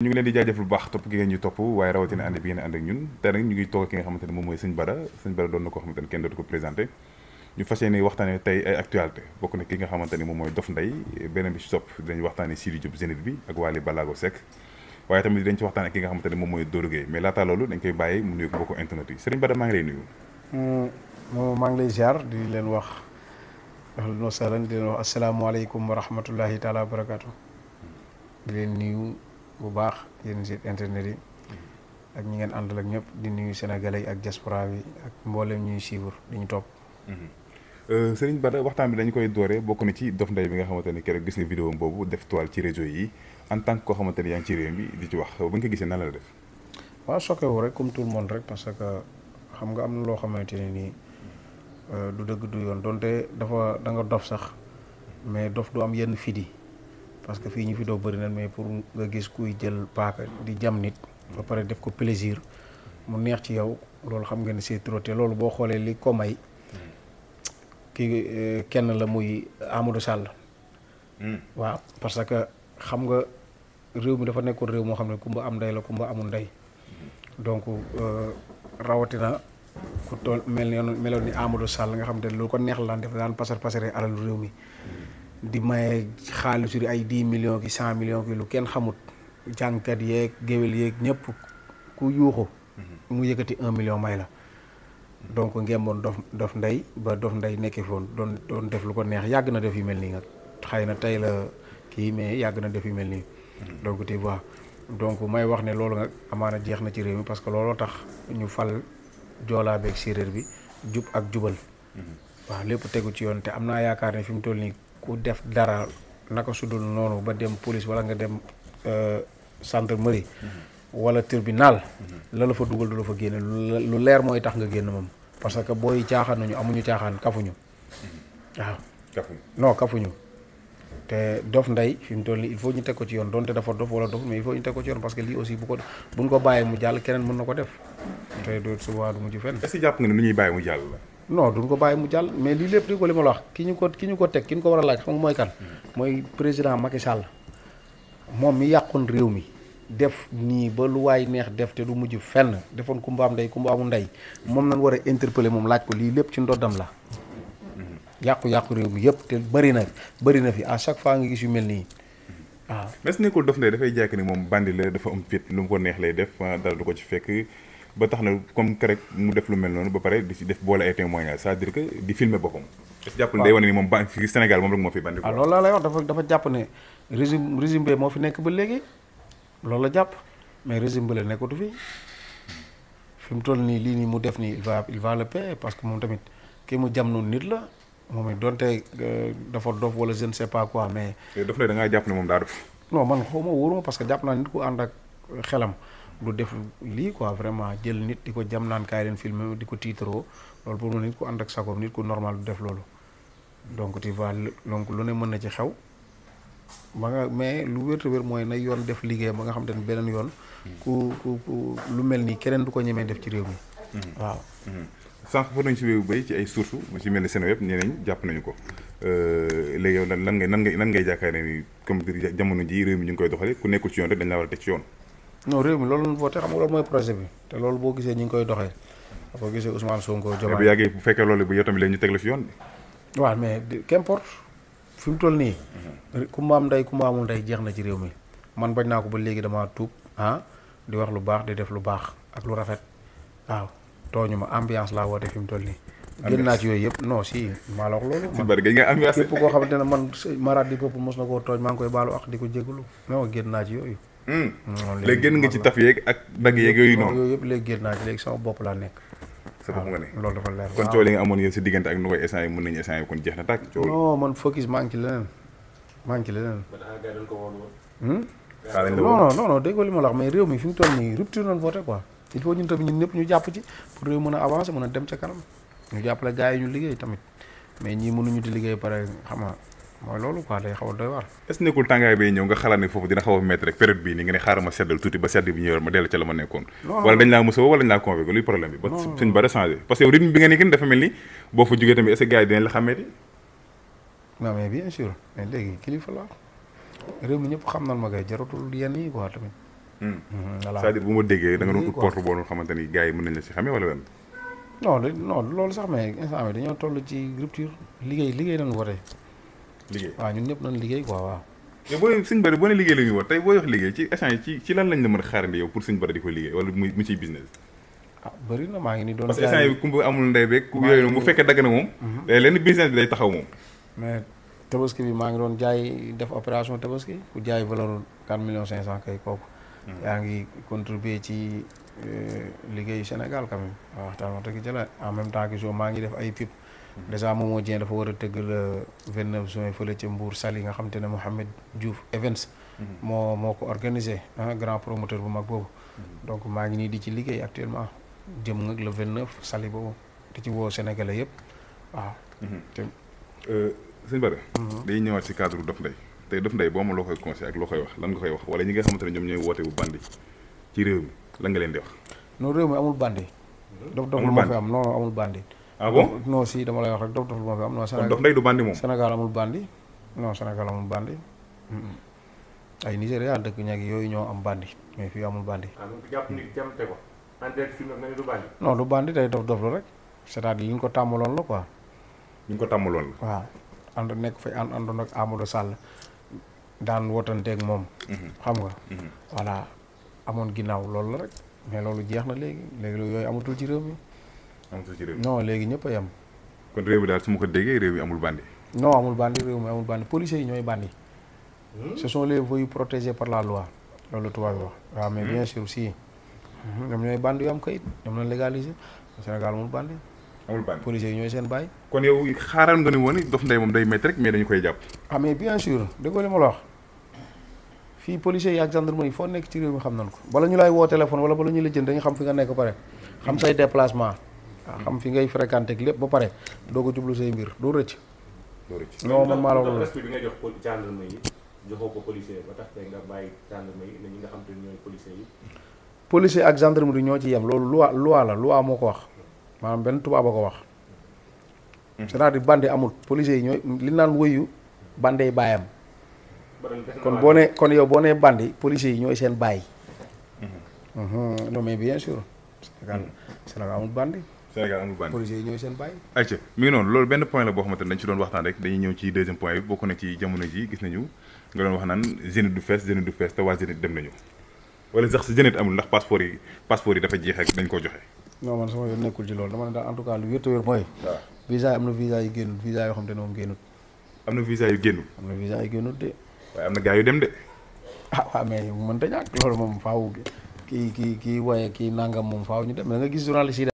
ñu ngi leen di jaajëf lu baax topp gi ngeen ñu topp waaye rawatina ànd bi ngeen ki nga xamante ne moom mooy sëñ Bara sëñ Bara doon na koo xamante kenn dootu na ki nga xamante moom mooy Dof Ndeye beneen bi ci topp dinañ waxtaane Sidy Diop Zénith bi ak Waly Balago Seck waaye tamit dañ ci waxtaan ak ki nga xamante ne mooy Doro mais laata loolu dañ koy bàyyi mu nuyu mbokku internet yi sëriñ Bara maa ngi lay nuyu mm, maa ngi lay ziar di leen wax ahlan wa sahlan di leen wax asalaamaaleykum wa rahmatullahi taala wa bu baax yeen site internet yi ak ñi ngeen àndal ak ñëpp di nuyu sénégalais yi ak diaspora bi ak mboolem ñuy suivre di ñu topp. Mhm. Euh, Serigne Bada waxtaan bi dañ koy doore bokk na ci Dof nday bi nga xamante ne keroog gis nga vidéo boobu def toile ci réseau yi en tant que koo xamante ne yaa ngi ci réew mi di ci wax ba nga ko gisee nan la def. waaw choqué wu rek comme tout le monde rek parce que xam nga am na loo xamante ni nii euh, du dëgg du yoon donte dafa da nga dof sax mais dof du am yenn fidi parce que fi ñu fi do bari na mais pour nga gis kuy jël paaka di jam nit ba paré def ko plaisir mu neex ci yow loolu xam nga ni c'est trop té loolu bo xolé li ko may ki euh, kenn la muy Amadou Sall hmm. waaw parce que xam nga réew mi dafa nekkul réew mo xamné kumba am nday la kumba amul nday donc euh, rawatina ku toll mel ni meloon ni Amadou Sall nga xam té lu ko neex la def daan pasar passeré alal réew mi di maye xaalisu ay 10 millions ki cent millions ki lu kenn xamut jànkat yeeg géwél yeeg ñëpp ku yuuxu mhm. mu yëkkati 1 million may la donc ngemboon dof dof ndey ba dof ndey nekkee foon doon doon def lu ko neex yàgg na def yu mel nii nga xëy na tey la kii mais yàgg na def yu mel nii mhm. donc tu vois donc may wax ne loolu nga amaana jeex na ci réew mi parce que looloo tax ñu fal joolaa beeg séeréer bi jub ak jubal mhm. waaw lépp tegu ci yoon te am naa yaakaar ne fi mu toll nii ku def dara naka sudul nonu ba dem police wala nga dem euh gendarmerie mhm. wala tribunal mhm. la la fa dugal dula fa génne lu leer moy tax nga génn mom parce que boy caaxaan nañu amuñu tiaxan kafuñu mhm. waaw kafuñu non kafuñu té dof nday fi mu toll il faut ñu teg ci yoon donte dafa dof wala dof mais il faut ñu teg ci yoon parce que li aussi bu ko buñ ko bàyyee mu jall kenen mën na ko def do ci waadu mu ci fenn est-ce japp nga ni nu ñuy bàyyi mu jall non duñ ko bàyyi mu jàll mais lii lépp di ko li ma la ki ñu ko ko teg ki ñu ko war a laaj xam nga mooy kan. mooy président Macky Sall moom mi yàqoon réew mi def nii ba neex def te du mujj fenn defoon kumba am ndey kumba amu ndey moom nañ war a interpeller moom laaj ko lii lépp ci ndoddam la. yàqu-yàqu réew mi yëpp te bëri na bëri na fi à chaque fois nga gis yu mel nii waaw. Ah. mais nekkul daf ndey dafay jàkk ni moom bandi la dafa am fit lu mu ko neex lay def ah, dara du ko ci fekk. ba tax na comme CREC mu def lu mel noonu ba pare di ci def boole ay témoignage c'est-à-dire que di filmer boppam. waaw jàpp ne day wane ni moom ban fii Sénégal moom rek moo fi bandi. waaw ah, loolu laa lay wax dafa dafa jàpp ne régime régime bee moo fi nekk ba léegi loolu la jàpp mais régime bi la nekkatu fi fi mu toll nii lii nii mu def nii il va il va le paix parce que moom tamit kii mu jam noonu nit la moom it donte euh, dafa dof wala je ne sais pas quoi mais. dafa la da ngaa jàpp ne moom daa dof. non man xaw ma parce que jàpp naa nit ku ànd ak xelam du def li quoi vraiment jël nit diko ko jam naan kaay leen filmer diko ko tiitaroo loolu pour nit ko ànd ak sagoom nit ko normal du def lolou donc tu vois donc lu ne mën ci xew ba nga mais lu wérta wér moy na yoon def liggéey ba nga xam te benen beneen yoon ku ku lu mel nii keneen du ko ñemee def ci réew mi mm-hmm. waaw mm-hmm. sànq fa nañu ci wéewu bay ci ay source mu ci melni Seneweb yeb nañ japp nañu ko euh léegi yow lan lan ngay nan ngay nan ngay jàkkaar ni comme jamono ji réew mi ñu ngi koy doxale ku nekkul ci yoon rek dañ la wara tek ci yoon non réew mi loolu lañ voté xam nga loolu mooy projet bi te loolu boo gisee ñi ngi koy doxee boo gisee Ousmane Sonko eh, Diomaye bu yàggee bu fekkee loolu bu yow tamit ñu teg la fi yoon bi waaw mais qu'importe fi mu toll nii mhm. ku maam ndey ku maamul ndey jeex na ci réew mi man bañ naa ko ba léegi damaa tuub ah di wax lu baax di def lu baax ak lu rafet waaw tooñu ma ambiance laa fi mu toll nii naa ci yooyu yëpp non si maa la wax loolu si bari nga ambiance képp koo ne man maraat di bopp mos na koo tooñ maa ngi koy baalu ak di ko jégalu naa ci yooyu Hmm. Hmm, legen nga ci taf yeek ak dagg yeek yooyu non yooyu yëpp léegi génn ci leg sama bop la nek sa bop nga ne loolu dafa leer kon ciow li nga amone yeen ci diggante ak nu koy yi mën nañu essant yi kon jeex na tàkk coow non man focus man leen ngi ci leneen maa ngi ci hmm non non non déggoo li ma la wax mais rew mi fi tolni rupture non voter quoi il faut ñun tamit ñun ñep ñu japp ci pour rew mëna avancer mëna dem ci kanam ñu japp la gaay ñu liggéey tamit mais ñi mënu ñu di liggéey paré xama mooy loolu quoi day xaw a doy waar. est-ce nekkul tàngaay bay ñëw nga xalaat ne foofu dina xaw a métti rek période bii nii nga ne xaaral ma seddal tuuti ba sedd bi ñëw ma dellu ca la ma nekkoon. wala dañ laa mos a wala dañ laa convoqué luy problème bi. ba suñ ba dafa mel ni boo fa jógee tamit est la xàmmeeti. non mais ma kay jaratul yenn yi quoi tamit. Hmm. Hmm, voilà c'est-à-dire bu ma déggee da nga doon ut porte boo xamante ni gars yi mën nañ la si xamee wala lan. non non loolu sax mais instant bi dañoo toll ci rupture liggéey liggéey nañu ko tey liggéey waaw ñun ñëpp doon liggéey quoi waaw. mais booy suñ bëri boo ne liggéey la ñuy tey boo wax liggéey ci échange ci ci lan lañ la mën a xaarandi pour suñ di ko liggéey wala mu ciy business. ah bëri na maa ngi ni doon parce que échange bi kumba amul ndey beeg yooyu noonu bu fekkee dagg na moom day mhm. leen business bi day taxaw moom mais tabaski bi maa ngi doon jaay def opération tabaski ku jaay valeur 4 millions 500 kay kooku Mm. yaa ngi contribuer ci euh, liggéeyu Sénégal quand même waaw waxtaan wax dëgg jëla en même temps que maa ngi def ay pip mm. dèjà Momo Dieng dafa war a tëgg le 29 juin fële ca Mbour Saly nga xam te ne Mouhamed Diouf Events mm. moo moo ko organisé ah grand promoteur bu mag boobu donc maa ngi nii di ci liggéey actuellement jëm nag le 29 Saly boobu di ci woo Sénégalais yëpp waaw mm-hmm. te euh, sëñ Bara mm-hmm. ñëwaat si cadre Dof Ndeye tay def nday bo mo loo koy conseil ak loo koy wax lan nga koy wax wala ñi nga xamanteni ñom ñoy ñooy woote bu bandi ci réew mi lan nga leen di wax non réew mi amul bandi dof dof lu ma fi am non amul bandi ah bon non si dama lay wax rek dof dof lu ma fi am non Sénégal dof nday du bandi mom Sénégal amul bandi non Sénégal amul bandi ay Nigéria dëkk ñag yoy ñoo am bandi mais fi amul bandi ah, japp nit jam te ko ande ak fi nak ne du bandi non du bandi day dof dof lu rek c'est-à-dire li ñu ko tamulon la quoi ñu ko tamulon la waaw ànd nek fay ànd àndoon ak Amadou Sall daan wotanteeg moom. Mhm. xam nga. Mhm. voilà amoon ginnaaw loolu la rek mais loolu jeex na léegi léegi yooyu amatul ci réew mi. amatul ci léegi ñëpp a yem. kon réew mi daal su ma ko déggee réew mi amul bandi. non amul bandi réew mi amul bandi policiers yi ñooy bandi. Hmm? ce les voyous protégés par la loi loolu tubaab yi wax. waaw ah, mais hmm? bien sûr si mhm. ñoom ñooy bandi yu am kayit ñoom lañ légaliser Sénégal amul bandi. amul bànn policiers yi ñooy seen bàyyi. kon yow xaaral nga ni woon Dof Ndeye moom day métti rek mais dañu koy jàpp. ah mais bien sûr dëgg li ma la wax. fii policiers yi ak gendarmerie foo nekk ci réew mi xam nañ ko bala ñu lay woo téléphone wala bala ñu la jënd dañu xam fi nga xam say déplacement xam fi ngay fréquenté ak lépp ba pare doo ko jublu say mbir doo man maa la wax respect bi nga jox joxoo ko policier ba tax tey nga bàyyi gendarmerie ñi nga xam ne ñooy policiers yi policier ak gendarmerie ñoo ci yem loolu loi loi la loi moo ko wax maanaam benn tubaab a ko wax hmm. c'est-à-dire bandi amul policiers yi ñooy li naan wëyu bandey baayam kon boo nee kon yow boo nee bandi policiers yi ñooy seen bàyyi. Mhm. non mais bien sûr. Sénégal Sénégal amul bandi. Sénégal yi ñooy seen bàyyi. ayca mi ngi noonu loolu benn point la boo xamante ne dañ ci doon waxtaan rek dañuy ñëw ci deuxième point bi bokk na ci jamono ji gis nañu nga doon wax naan Zénith du fees Zénith du fees te waa Zénith dem nañu. wala sax Zénith amul ndax passeport yi passeport yi dafa jeex ak dañ koo joxe. non man sama yoon nekkul ci loolu dama ne waaye am na gaa yu dem de. ah waaw mais mënta ñàkk loolu moom faaw kii kii kii waaye kii nangam moom faaw ñu dem da nga gis journaliste yi